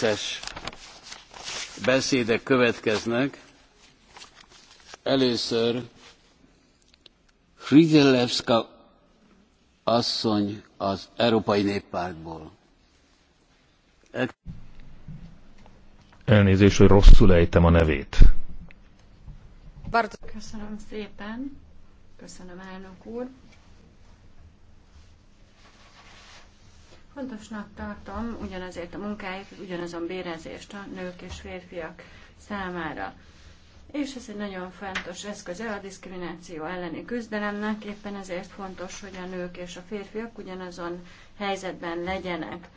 vicces beszédek következnek. Először Frigyelevska asszony az Európai Néppártból. Elnézést, hogy rosszul ejtem a nevét. Köszönöm szépen. Köszönöm, elnök úr. Fontosnak tartom ugyanazért a munkáért, ugyanazon bérezést a nők és férfiak számára. És ez egy nagyon fontos eszköz a diszkrimináció elleni küzdelemnek, éppen ezért fontos, hogy a nők és a férfiak ugyanazon helyzetben legyenek.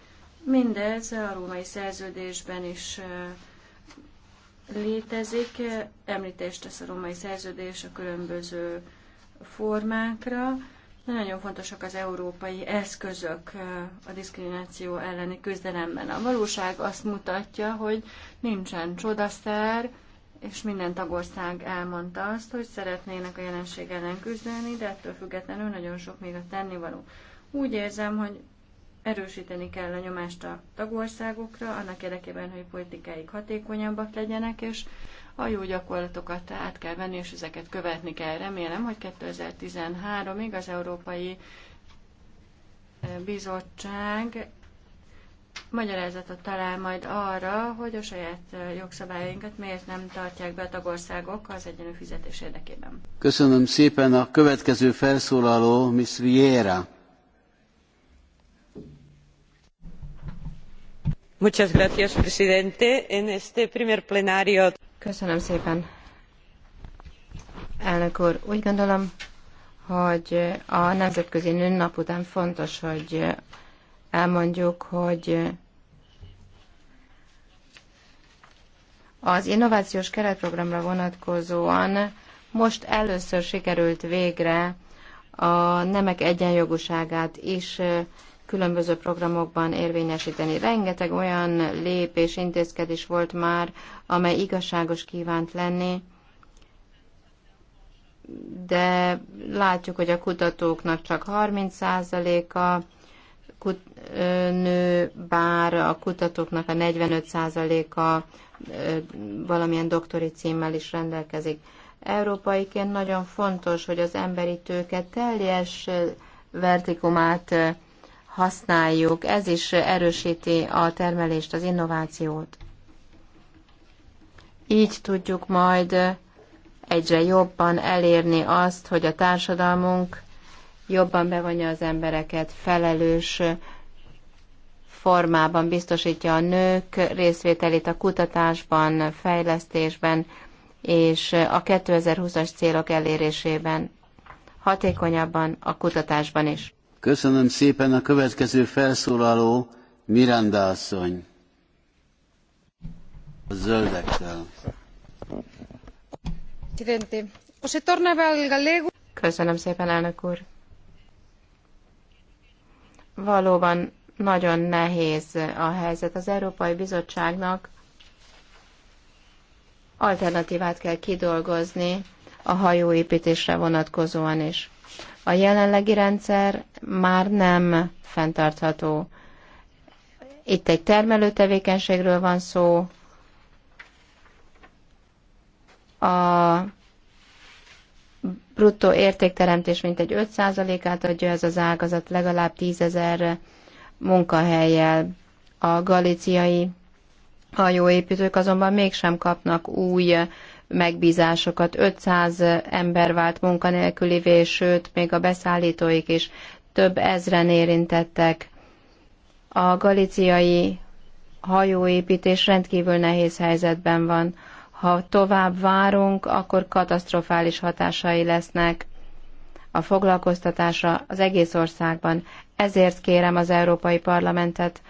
Mindez a római szerződésben is létezik. Említést tesz a római szerződés a különböző formákra, nagyon fontosak az európai eszközök a diszkrimináció elleni küzdelemben. A valóság azt mutatja, hogy nincsen csodaszer, és minden tagország elmondta azt, hogy szeretnének a jelenség ellen küzdeni, de ettől függetlenül nagyon sok még a tennivaló. Úgy érzem, hogy erősíteni kell a nyomást a tagországokra, annak érdekében, hogy politikáik hatékonyabbak legyenek, és a jó gyakorlatokat át kell venni, és ezeket követni kell. Remélem, hogy 2013-ig az Európai eh, Bizottság magyarázatot talál majd arra, hogy a saját eh, jogszabályainkat miért nem tartják be a tagországok az egyenlő fizetés érdekében. Köszönöm szépen a következő felszólaló, Miss Vieira. köszönöm szépen elnök úr úgy gondolom hogy a nemzetközi nőnap után fontos hogy elmondjuk hogy az innovációs keretprogramra vonatkozóan most először sikerült végre a nemek egyenjogúságát is különböző programokban érvényesíteni. Rengeteg olyan lépés, intézkedés volt már, amely igazságos kívánt lenni, de látjuk, hogy a kutatóknak csak 30%-a kut, nő, bár a kutatóknak a 45%-a valamilyen doktori címmel is rendelkezik. Európaiként nagyon fontos, hogy az emberi tőke teljes vertikumát használjuk. Ez is erősíti a termelést, az innovációt. Így tudjuk majd egyre jobban elérni azt, hogy a társadalmunk jobban bevonja az embereket, felelős formában biztosítja a nők részvételét a kutatásban, fejlesztésben és a 2020-as célok elérésében, hatékonyabban a kutatásban is. Köszönöm szépen a következő felszólaló Miranda asszony. A zöldektől. Köszönöm szépen, elnök úr. Valóban nagyon nehéz a helyzet. Az Európai Bizottságnak alternatívát kell kidolgozni a hajóépítésre vonatkozóan is. A jelenlegi rendszer már nem fenntartható. Itt egy termelő tevékenységről van szó. A bruttó értékteremtés mintegy 5%-át adja ez az ágazat legalább 10 ezer munkahelyel. A galiciai hajóépítők azonban mégsem kapnak új megbízásokat. 500 ember vált munkanélkülivé, sőt, még a beszállítóik is több ezren érintettek. A galiciai hajóépítés rendkívül nehéz helyzetben van. Ha tovább várunk, akkor katasztrofális hatásai lesznek a foglalkoztatásra az egész országban. Ezért kérem az Európai Parlamentet,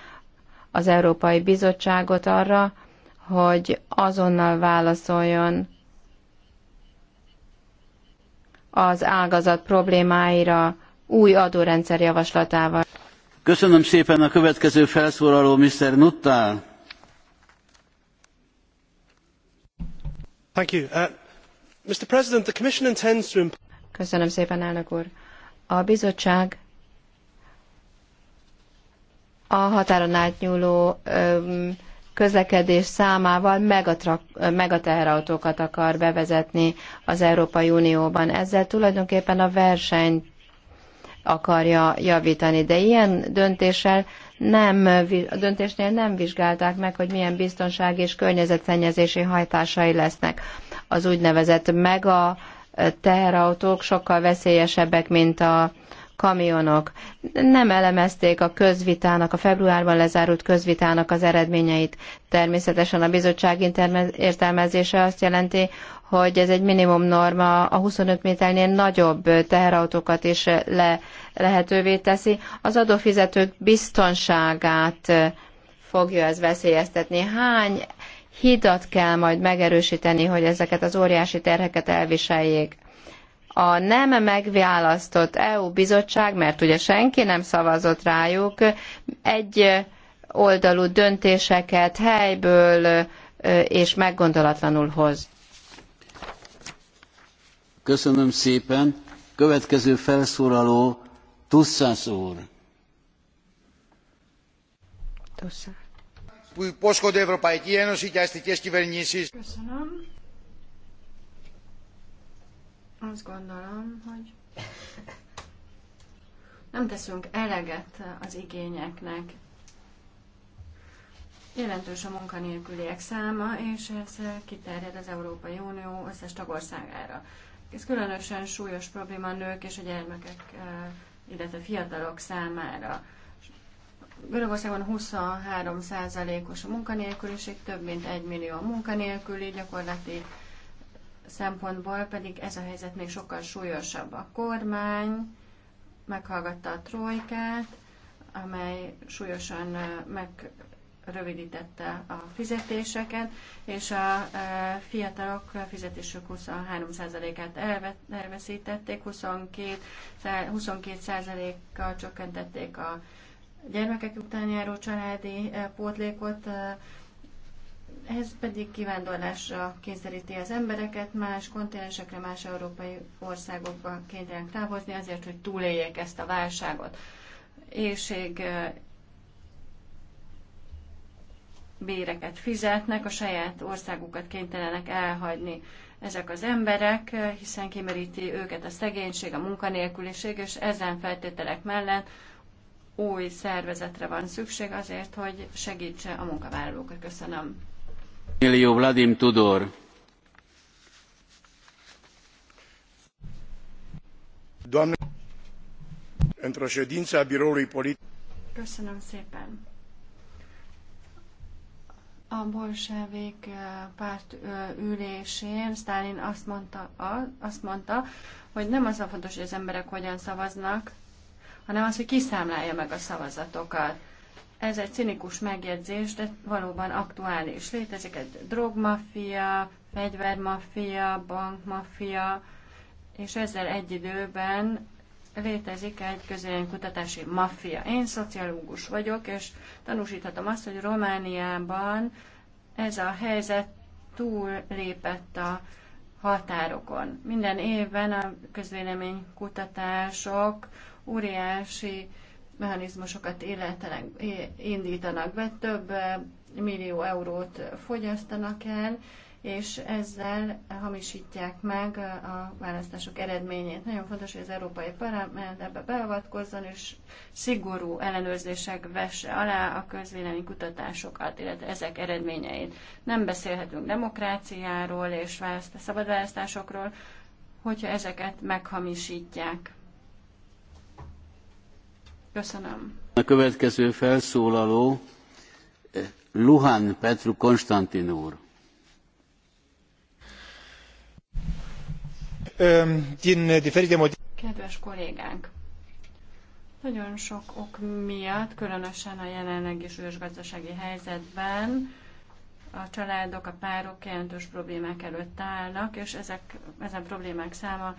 az Európai Bizottságot arra, hogy azonnal válaszoljon az ágazat problémáira új adórendszer javaslatával. Köszönöm szépen a következő felszólaló Mr. Nuttál. Thank you. Uh, Mr. President, the Commission intends to... Köszönöm szépen, elnök úr. A bizottság a határon átnyúló um, közlekedés számával megateherautókat akar bevezetni az Európai Unióban. Ezzel tulajdonképpen a versenyt akarja javítani, de ilyen döntéssel nem, a döntésnél nem vizsgálták meg, hogy milyen biztonság és környezetszennyezési hajtásai lesznek. Az úgynevezett mega teherautók sokkal veszélyesebbek, mint a kamionok. Nem elemezték a közvitának, a februárban lezárult közvitának az eredményeit. Természetesen a bizottság értelmezése azt jelenti, hogy ez egy minimum norma, a 25 méternél nagyobb teherautókat is le, lehetővé teszi. Az adófizetők biztonságát fogja ez veszélyeztetni. Hány hidat kell majd megerősíteni, hogy ezeket az óriási terheket elviseljék? a nem megválasztott EU bizottság, mert ugye senki nem szavazott rájuk, egy oldalú döntéseket helyből és meggondolatlanul hoz. Köszönöm szépen. Következő felszólaló Tusszász úr. Tusszász. Köszönöm azt gondolom, hogy nem teszünk eleget az igényeknek. Jelentős a munkanélküliek száma, és ez kiterjed az Európai Unió összes tagországára. Ez különösen súlyos probléma a nők és a gyermekek, eh, illetve a fiatalok számára. Görögországon 23 os a munkanélküliség, több mint 1 millió a munkanélküli, gyakorlati szempontból pedig ez a helyzet még sokkal súlyosabb. A kormány meghallgatta a trojkát, amely súlyosan megrövidítette a fizetéseket, és a fiatalok fizetésük 23%-át elveszítették, 22%-kal csökkentették a gyermekek után járó családi pótlékot, ez pedig kivándorlásra kényszeríti az embereket, más kontinensekre, más európai országokba kénytelenek távozni azért, hogy túléljék ezt a válságot. Érség béreket fizetnek, a saját országukat kénytelenek elhagyni ezek az emberek, hiszen kimeríti őket a szegénység, a munkanélküliség, és ezen feltételek mellett új szervezetre van szükség azért, hogy segítse a munkavállalókat. Köszönöm. Millió Vladim Tudor. Doamne, într-o ședință a biroului politic. Köszönöm szépen. A bolsevik eh, párt eh, ülésén Stalin azt mondta, azt mondta, hogy nem az a fontos, hogy az emberek hogyan szavaznak, hanem az, hogy kiszámlálja meg a szavazatokat. Ez egy cinikus megjegyzés, de valóban aktuális. Létezik egy drogmafia, fegyvermafia, bankmafia, és ezzel egy időben létezik egy kutatási maffia. Én szociológus vagyok, és tanúsíthatom azt, hogy Romániában ez a helyzet túl lépett a határokon. Minden évben a közvélemény kutatások óriási mechanizmusokat életenek, indítanak be, több eh, millió eurót fogyasztanak el, és ezzel hamisítják meg eh, a választások eredményét. Nagyon fontos, hogy az Európai Parlament ebbe beavatkozzon, és szigorú ellenőrzések vesse alá a közvélemény kutatásokat, illetve ezek eredményeit. Nem beszélhetünk demokráciáról és választ- szabad választásokról, hogyha ezeket meghamisítják. Köszönöm. A következő felszólaló eh, Luhan Petru Konstantin úr. Kedves kollégánk! Nagyon sok ok miatt, különösen a jelenlegi súlyos gazdasági helyzetben a családok, a párok jelentős problémák előtt állnak, és ezek, ezen problémák száma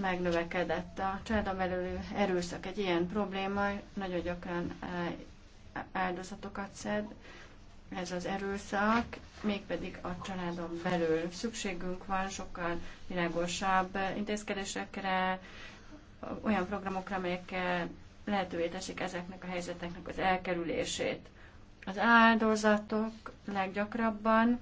megnövekedett a családon belül erőszak egy ilyen probléma, nagyon gyakran e, áldozatokat szed ez az erőszak, mégpedig a családon belül. Szükségünk van sokkal világosabb intézkedésekre, olyan programokra, amelyek lehetővé teszik ezeknek a helyzeteknek az elkerülését. Az áldozatok leggyakrabban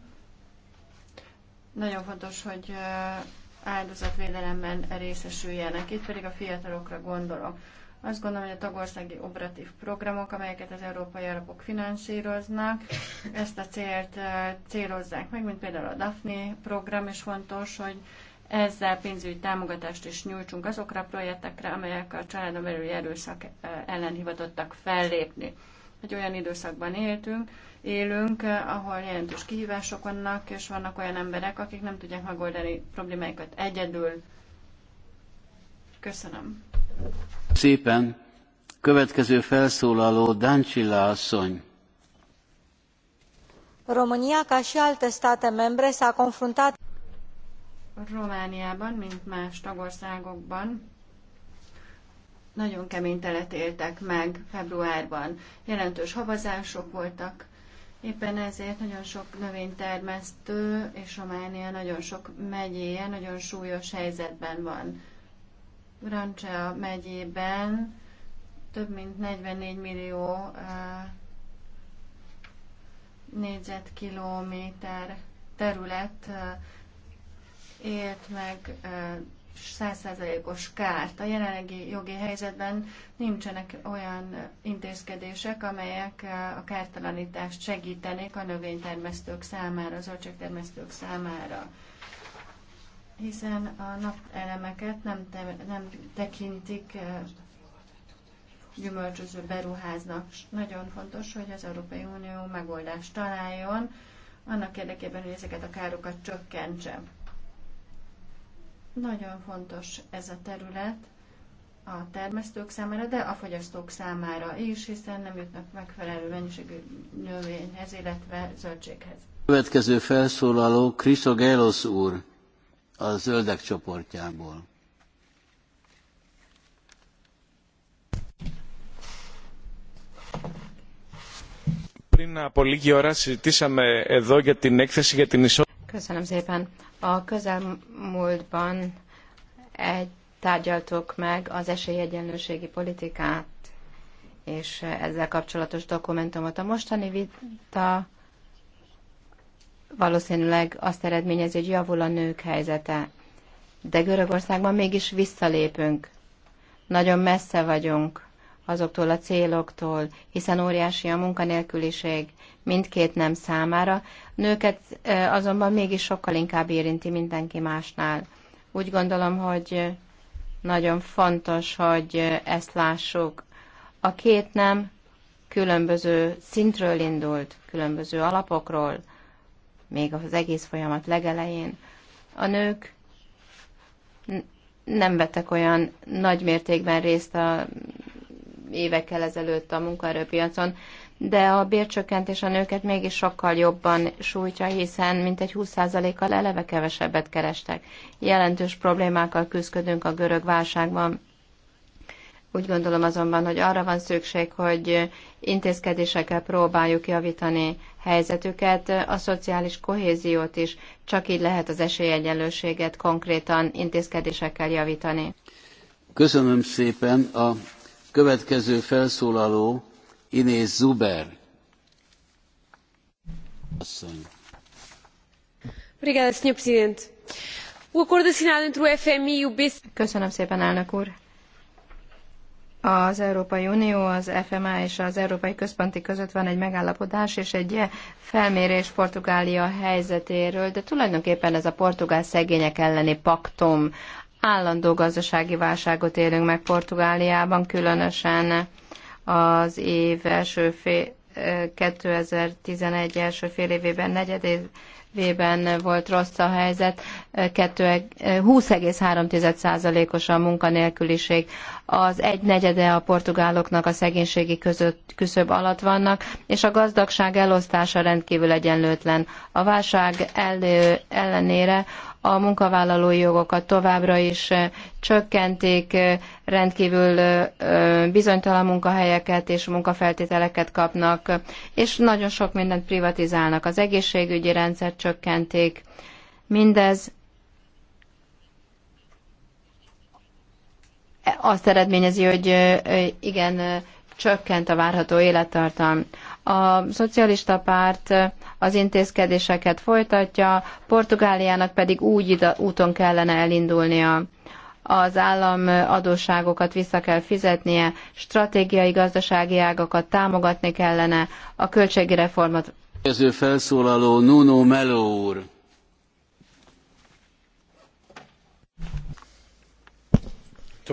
nagyon fontos, hogy e, áldozatvédelemben részesüljenek. Itt pedig a fiatalokra gondolok. Azt gondolom, hogy a tagországi operatív programok, amelyeket az európai alapok finanszíroznak, ezt a célt célozzák meg, mint például a DAFNI program, és fontos, hogy ezzel pénzügyi támogatást is nyújtsunk azokra a projektekre, amelyek a családon belüli erőszak ellen hivatottak fellépni egy olyan időszakban éltünk, élünk, ahol jelentős kihívások vannak, és vannak olyan emberek, akik nem tudják megoldani problémáikat egyedül. Köszönöm. Szépen. Következő felszólaló Dancsilla asszony. România, ca și alte state membre, s-a confruntat Romániában, mint más tagországokban, nagyon kemény telet éltek meg februárban. Jelentős havazások voltak, éppen ezért nagyon sok növénytermesztő, és Románia nagyon sok megyéje nagyon súlyos helyzetben van. Rancsea megyében több mint 44 millió eh, négyzetkilométer terület eh, élt meg eh, százszázalékos kárt. A jelenlegi jogi helyzetben nincsenek olyan intézkedések, amelyek a kártalanítást segítenék a növénytermesztők számára, a zöldségtermesztők számára hiszen a napelemeket nem, te, nem tekintik eh, gyümölcsöző beruháznak. Nagyon fontos, hogy az Európai Unió megoldást találjon, annak érdekében, hogy ezeket a károkat csökkentse. Nagyon fontos ez a terület a termesztők számára, de a fogyasztók számára is, hiszen nem jutnak megfelelő mennyiségű növényhez, illetve zöldséghez. Következő felszólaló Krisogelos úr a zöldek csoportjából. πριν από λίγη ώρα συζητήσαμε εδώ για την έκθεση για την ισότητα Köszönöm szépen. A közelmúltban egy tárgyaltuk meg az esélyegyenlőségi politikát és ezzel kapcsolatos dokumentumot. A mostani vita valószínűleg azt eredményezi, hogy javul a nők helyzete. De Görögországban mégis visszalépünk. Nagyon messze vagyunk azoktól a céloktól, hiszen óriási a munkanélküliség mindkét nem számára. Nőket azonban mégis sokkal inkább érinti mindenki másnál. Úgy gondolom, hogy nagyon fontos, hogy ezt lássuk. A két nem különböző szintről indult, különböző alapokról, még az egész folyamat legelején. A nők nem vettek olyan nagy mértékben részt a évekkel ezelőtt a munkaerőpiacon, de a bércsökkentés a nőket mégis sokkal jobban sújtja, hiszen mintegy 20%-kal eleve kevesebbet kerestek. Jelentős problémákkal küzdködünk a görög válságban. Úgy gondolom azonban, hogy arra van szükség, hogy intézkedésekkel próbáljuk javítani helyzetüket, a szociális kohéziót is, csak így lehet az esélyegyenlőséget konkrétan intézkedésekkel javítani. Köszönöm szépen a Következő felszólaló Inés Zuber. Asszony. E Köszönöm szépen, elnök úr. Az Európai Unió, az FMA és az Európai Központi között van egy megállapodás és egy felmérés Portugália helyzetéről, de tulajdonképpen ez a portugál szegények elleni paktum, állandó gazdasági válságot élünk meg Portugáliában, különösen az év első fél, 2011 első fél évében, negyed évében volt rossz a helyzet, 20,3%-os a munkanélküliség. Az egy negyede a portugáloknak a szegénységi között, küszöb alatt vannak, és a gazdagság elosztása rendkívül egyenlőtlen. A válság elő, ellenére a munkavállalói jogokat továbbra is csökkentik, rendkívül bizonytalan munkahelyeket és munkafeltételeket kapnak, és nagyon sok mindent privatizálnak. Az egészségügyi rendszert csökkentik. Mindez azt eredményezi, hogy igen, csökkent a várható élettartam. A szocialista párt az intézkedéseket folytatja, Portugáliának pedig úgy ide, úton kellene elindulnia. Az állam adósságokat vissza kell fizetnie, stratégiai gazdasági ágakat támogatni kellene, a költségi reformot. Kezdő felszólaló Nuno Melo úr.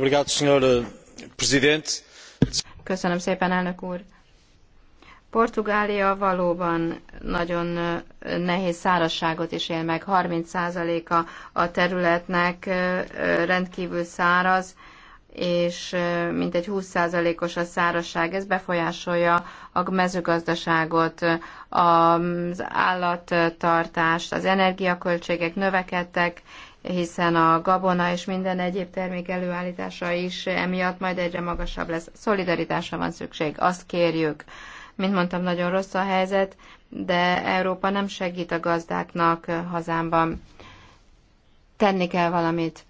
Eh, Köszönöm szépen, elnök úr Portugália valóban nagyon nehéz szárazságot is él meg. 30%-a a területnek rendkívül száraz, és mintegy 20%-os a szárazság. Ez befolyásolja a mezőgazdaságot, az állattartást, az energiaköltségek növekedtek, hiszen a gabona és minden egyéb termék előállítása is emiatt majd egyre magasabb lesz. Szolidaritásra van szükség, azt kérjük mint mondtam, nagyon rossz a helyzet, de Európa nem segít a gazdáknak hazámban. Tenni kell valamit.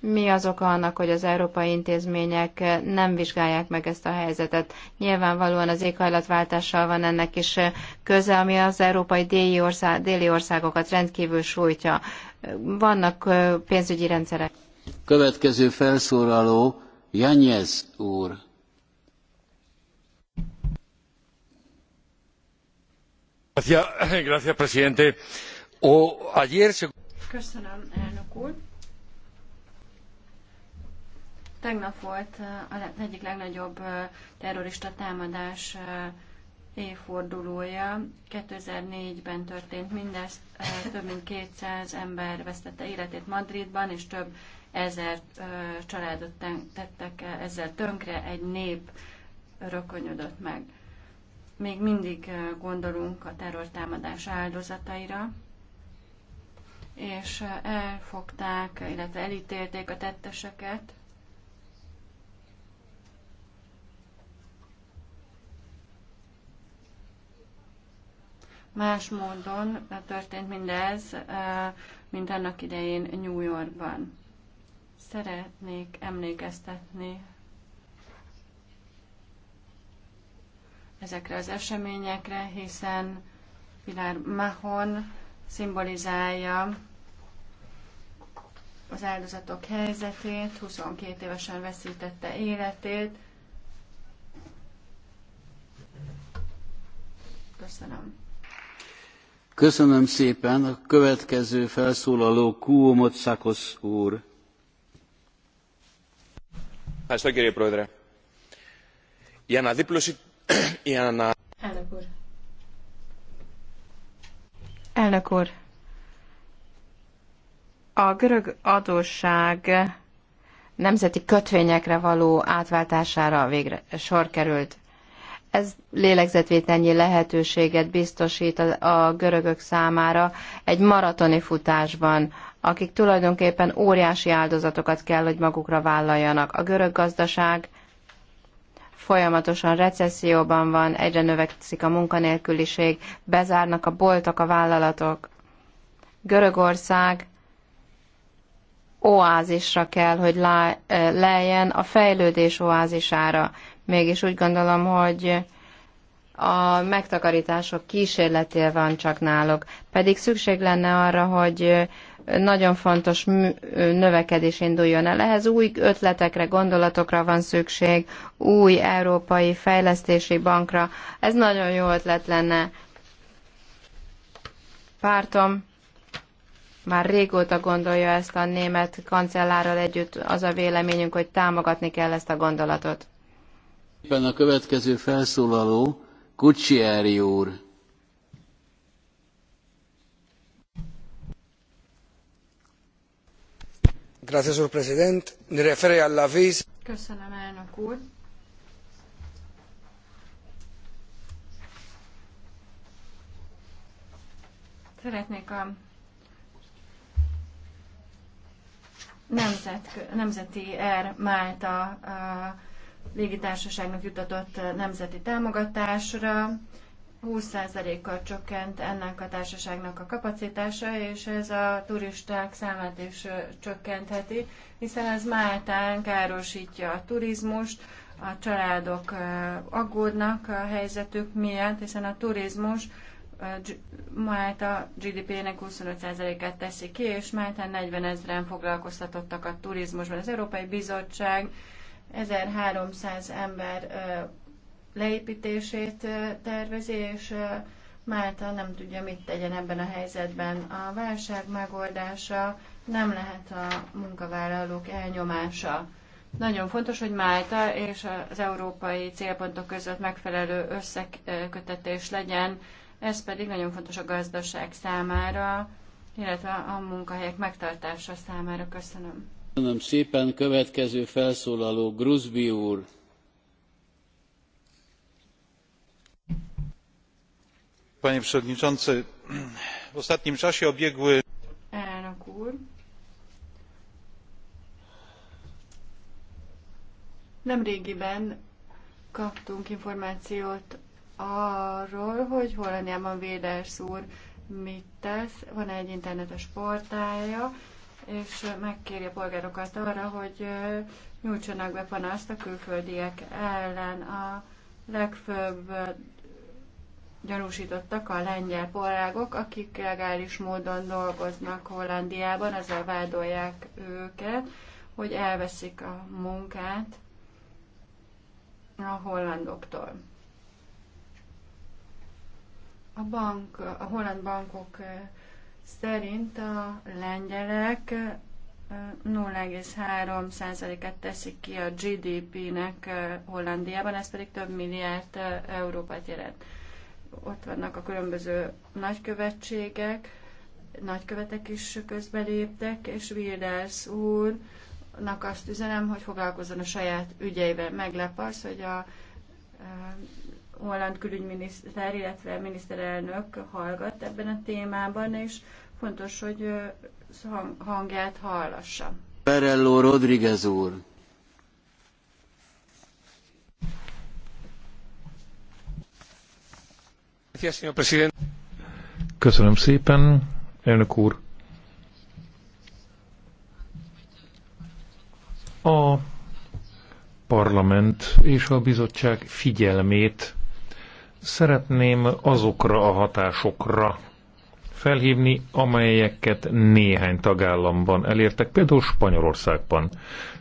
Mi az oka annak, hogy az európai intézmények nem vizsgálják meg ezt a helyzetet? Nyilvánvalóan az éghajlatváltással van ennek is köze, ami az európai déli, ország, déli országokat rendkívül sújtja. Vannak pénzügyi rendszerek. Következő felszólaló Janyez úr. señor presidente tegnap volt az egyik legnagyobb terrorista támadás évfordulója. 2004-ben történt mindez, több mint 200 ember vesztette életét Madridban, és több ezer családot tettek ezzel tönkre, egy nép rökönyödött meg még mindig eh, gondolunk a terrortámadás áldozataira, és eh, elfogták, illetve elítélték a tetteseket. Más módon eh, történt mindez, mint annak idején New Yorkban. Szeretnék emlékeztetni ezekre az eseményekre, hiszen Pilar Mahon szimbolizálja az áldozatok helyzetét, 22 évesen veszítette életét. Köszönöm. Köszönöm szépen. A következő felszólaló Kuo Motsakos úr. Köszönöm, kérje Prodre. Η Ilyenná. Uh, Elnök úr. Elnök úr. A görög adósság nemzeti kötvényekre való átváltására végre sor került. Ez lélegzetvételnyi lehetőséget biztosít a, a görögök számára egy maratoni futásban, akik tulajdonképpen óriási áldozatokat kell, hogy magukra vállaljanak. A görög gazdaság folyamatosan recesszióban van, egyre növekszik a munkanélküliség, bezárnak a boltok, a vállalatok. Görögország oázisra kell, hogy lejjen a fejlődés oázisára. Mégis úgy gondolom, hogy a megtakarítások kísérletél van csak náluk. Pedig szükség lenne arra, hogy nagyon fontos növekedés induljon el. Ehhez új ötletekre, gondolatokra van szükség, új európai fejlesztési bankra. Ez nagyon jó ötlet lenne. Pártom már régóta gondolja ezt a német kancellárral együtt. Az a véleményünk, hogy támogatni kell ezt a gondolatot. Éppen a következő felszólaló Kucsieri úr köszönöm elnök úr. szeretnék a nemzeti Air Málta a légitársaságnak jutatott nemzeti támogatásra 20%-kal csökkent ennek a társaságnak a kapacitása, és ez a turisták számát is csökkentheti, hiszen ez Máltán károsítja a turizmust, a családok aggódnak a helyzetük miatt, hiszen a turizmus Málta GDP-nek 25%-át teszi ki, és Máltán 40 ezeren foglalkoztatottak a turizmusban. Az Európai Bizottság 1300 ember leépítését tervezi, és Málta nem tudja, mit tegyen ebben a helyzetben. A válság megoldása nem lehet a munkavállalók elnyomása. Nagyon fontos, hogy Málta és az európai célpontok között megfelelő összekötetés legyen, ez pedig nagyon fontos a gazdaság számára, illetve a munkahelyek megtartása számára. Köszönöm. Köszönöm szépen. Következő felszólaló Gruzbi úr. panie przewodniczący! w ostatnim czasie obiegły nemrégiben kaptunk információt arról, hogy Hollandiában Véders úr mit tesz. Van egy internetes portálja, és megkéri a polgárokat arra, hogy nyújtsanak be panaszt a külföldiek ellen. A legfőbb gyanúsítottak a lengyel polgárok, akik legális módon dolgoznak Hollandiában, azzal vádolják őket, hogy elveszik a munkát a hollandoktól. A, bank, a holland bankok eh, szerint a lengyelek 0,3%-et eh, teszik ki a GDP-nek eh, Hollandiában, ez pedig több milliárd eurót jelent ott vannak a különböző nagykövetségek, nagykövetek is közbeléptek, és Wilders úrnak azt üzenem, hogy foglalkozzon a saját ügyeivel. Meglep az, hogy a eh, holland külügyminiszter, illetve a miniszterelnök hallgat ebben a témában, és fontos, hogy eh, hangját hallassa. Perello Rodriguez úr. Köszönöm szépen, elnök úr. A parlament és a bizottság figyelmét szeretném azokra a hatásokra felhívni, amelyeket néhány tagállamban elértek, például Spanyolországban.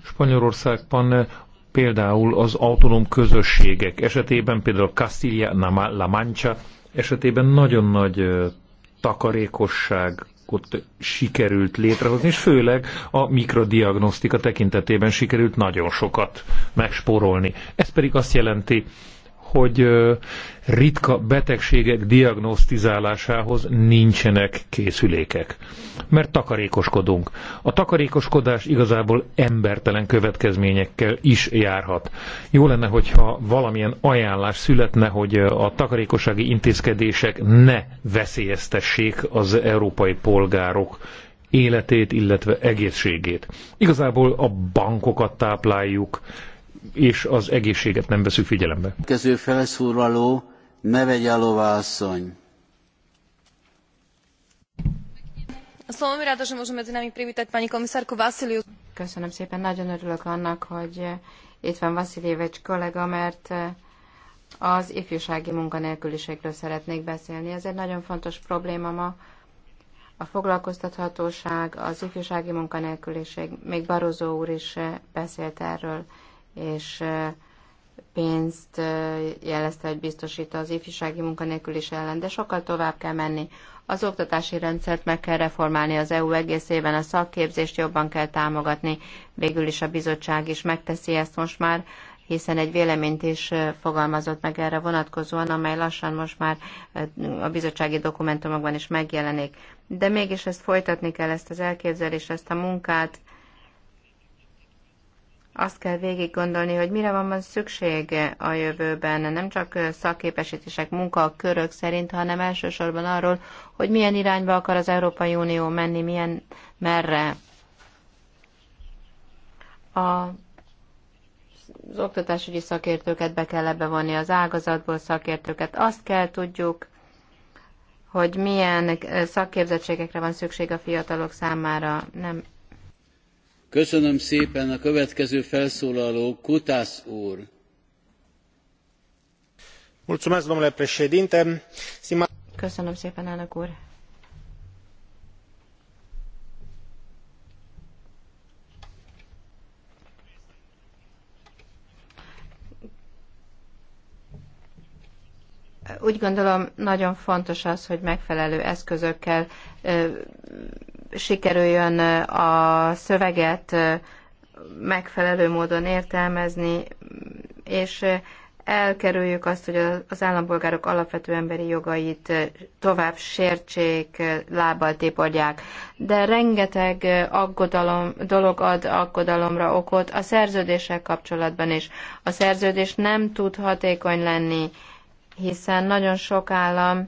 Spanyolországban például az autonóm közösségek esetében, például Castilla-La Mancha esetében nagyon nagy ott sikerült létrehozni, és főleg a mikrodiagnosztika tekintetében sikerült nagyon sokat megsporolni. Ez pedig azt jelenti, hogy ritka betegségek diagnosztizálásához nincsenek készülékek. Mert takarékoskodunk. A takarékoskodás igazából embertelen következményekkel is járhat. Jó lenne, hogyha valamilyen ajánlás születne, hogy a takarékossági intézkedések ne veszélyeztessék az európai polgárok életét, illetve egészségét. Igazából a bankokat tápláljuk, és az egészséget nem veszük figyelembe. Kező felszúrvaló, ne vegye alová asszony. Szóval Köszönöm szépen, nagyon örülök annak, hogy itt van Vasilievics kollega, mert az ifjúsági munkanélküliségről szeretnék beszélni. Ez egy nagyon fontos probléma ma. A foglalkoztathatóság, az ifjúsági munkanélküliség, még Barozó úr is beszélt erről és pénzt jelezte, hogy biztosít az ifjúsági munkanélkülés ellen, de sokkal tovább kell menni. Az oktatási rendszert meg kell reformálni az EU egészében, a szakképzést jobban kell támogatni, végül is a bizottság is megteszi ezt most már, hiszen egy véleményt is fogalmazott meg erre vonatkozóan, amely lassan most már a bizottsági dokumentumokban is megjelenik. De mégis ezt folytatni kell, ezt az elképzelést, ezt a munkát, azt kell végig gondolni, hogy mire van szükség a jövőben, nem csak szakképesítések, munkakörök szerint, hanem elsősorban arról, hogy milyen irányba akar az Európai Unió menni, milyen merre. A az oktatásügyi szakértőket be kell ebbe vonni, az ágazatból szakértőket. Azt kell tudjuk, hogy milyen eh, szakképzettségekre van szükség a fiatalok számára. Nem Köszönöm szépen a következő felszólaló Kutász úr. Mulțumesc, domnule președinte. Sima... Köszönöm szépen, elnök úr. Úgy gondolom, nagyon fontos az, hogy megfelelő eszközökkel sikerüljön a szöveget megfelelő módon értelmezni, és elkerüljük azt, hogy az állampolgárok alapvető emberi jogait tovább sértsék, lábbal tiporják. De rengeteg aggodalom, dolog ad aggodalomra okot a szerződések kapcsolatban is. A szerződés nem tud hatékony lenni, hiszen nagyon sok állam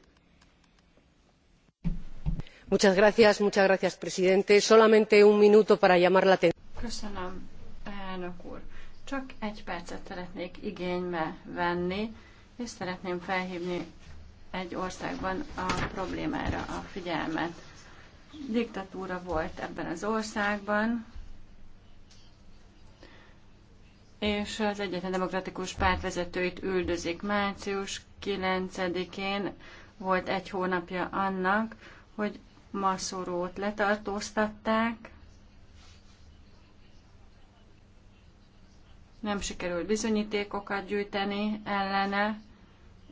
señor presidente solamente un minuto para llamar la atención. köszönöm elnök úr csak egy percet szeretnék igénybe venni és felhívni egy országban a a figyelmet. Diktatúra volt ebben az országban, és az egyetlen demokratikus párt vezetőit üldözik. Március 9-én volt egy hónapja annak, hogy Maszorót letartóztatták, nem sikerült bizonyítékokat gyűjteni ellene,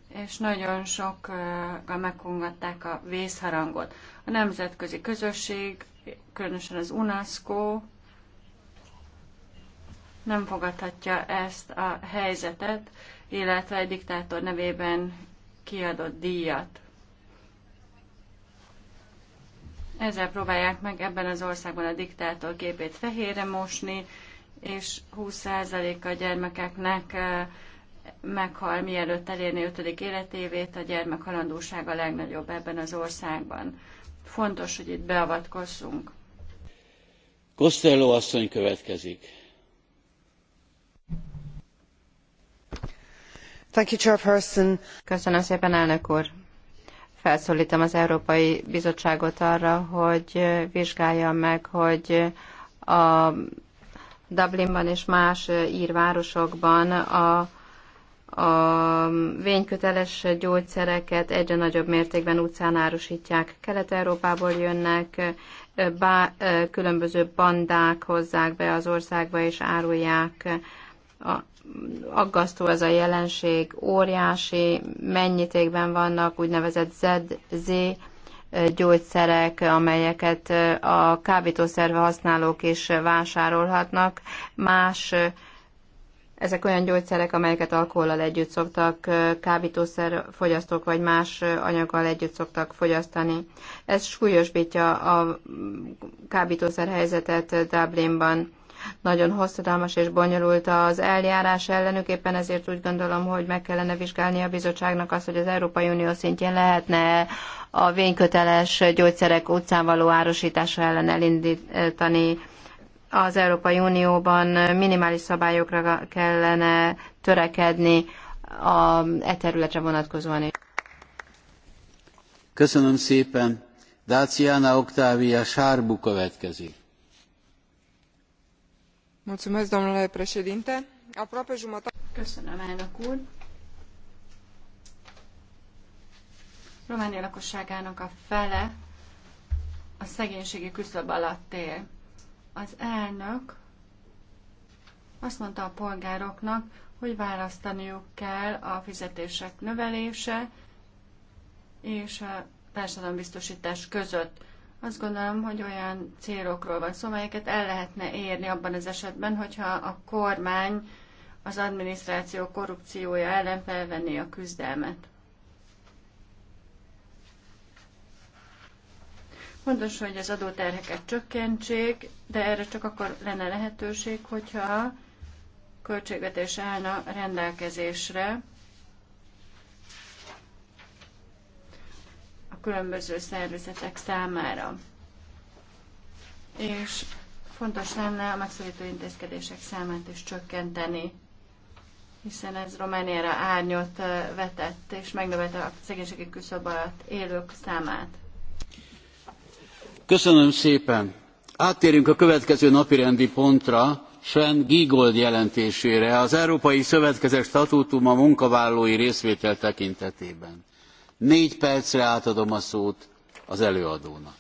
és nagyon sokan megkongatták a vészharangot. A nemzetközi közösség, különösen az UNESCO nem fogadhatja ezt a helyzetet, illetve egy diktátor nevében kiadott díjat. Ezzel próbálják meg ebben az országban a diktátor képét fehérre mosni, és 20% a gyermekeknek eh, meghal, mielőtt elérni 5. életévét, a gyermekhalandóság a legnagyobb ebben az országban. Fontos, hogy itt beavatkozzunk. Costello asszony következik. Thank you, Chairperson. Köszönöm szépen, elnök úr felszólítom az Európai Bizottságot arra, hogy vizsgálja meg, hogy a Dublinban és más ír városokban a, a vényköteles gyógyszereket egyre nagyobb mértékben utcán árusítják. Kelet-Európából jönnek, bá, különböző bandák hozzák be az országba és árulják a, aggasztó ez a jelenség, óriási mennyitékben vannak úgynevezett ZZ gyógyszerek, amelyeket a kábítószerve használók is vásárolhatnak. Más ezek olyan gyógyszerek, amelyeket alkohollal együtt szoktak, kábítószer fogyasztók vagy más anyaggal együtt szoktak fogyasztani. Ez súlyosbítja a kábítószer helyzetet Dublinban nagyon hosszadalmas és bonyolult az eljárás ellenük, éppen ezért úgy gondolom, hogy meg kellene vizsgálni a bizottságnak azt, hogy az Európai Unió szintjén lehetne a vényköteles gyógyszerek utcán való árusítása ellen elindítani az Európai Unióban minimális szabályokra kellene törekedni a, e területre vonatkozóan is. Köszönöm szépen. Dáciana Oktávia Sárbu következik. Aproape jumătate... Köszönöm, Románia lakosságának a fele a szegénységi küszöb alatt él. Az elnök azt mondta a polgároknak, hogy választaniuk kell a fizetések növelése és a társadalombiztosítás között. Azt gondolom, hogy olyan célokról van szó, szóval, amelyeket el lehetne érni abban az esetben, hogyha a kormány az adminisztráció korrupciója ellen felvenné a küzdelmet. Fontos, hogy az adóterheket csökkentsék, de erre csak akkor lenne lehetőség, hogyha költségvetés állna rendelkezésre különböző szervezetek számára. És fontos lenne a megszorító intézkedések számát is csökkenteni, hiszen ez Romániára árnyot vetett, és megnövelte a szegénységi küszöb alatt élők számát. Köszönöm szépen! Áttérünk a következő napirendi pontra, Sven Giegold jelentésére, az Európai Szövetkezet statútuma munkavállalói részvétel tekintetében négy percre átadom a szót az előadónak.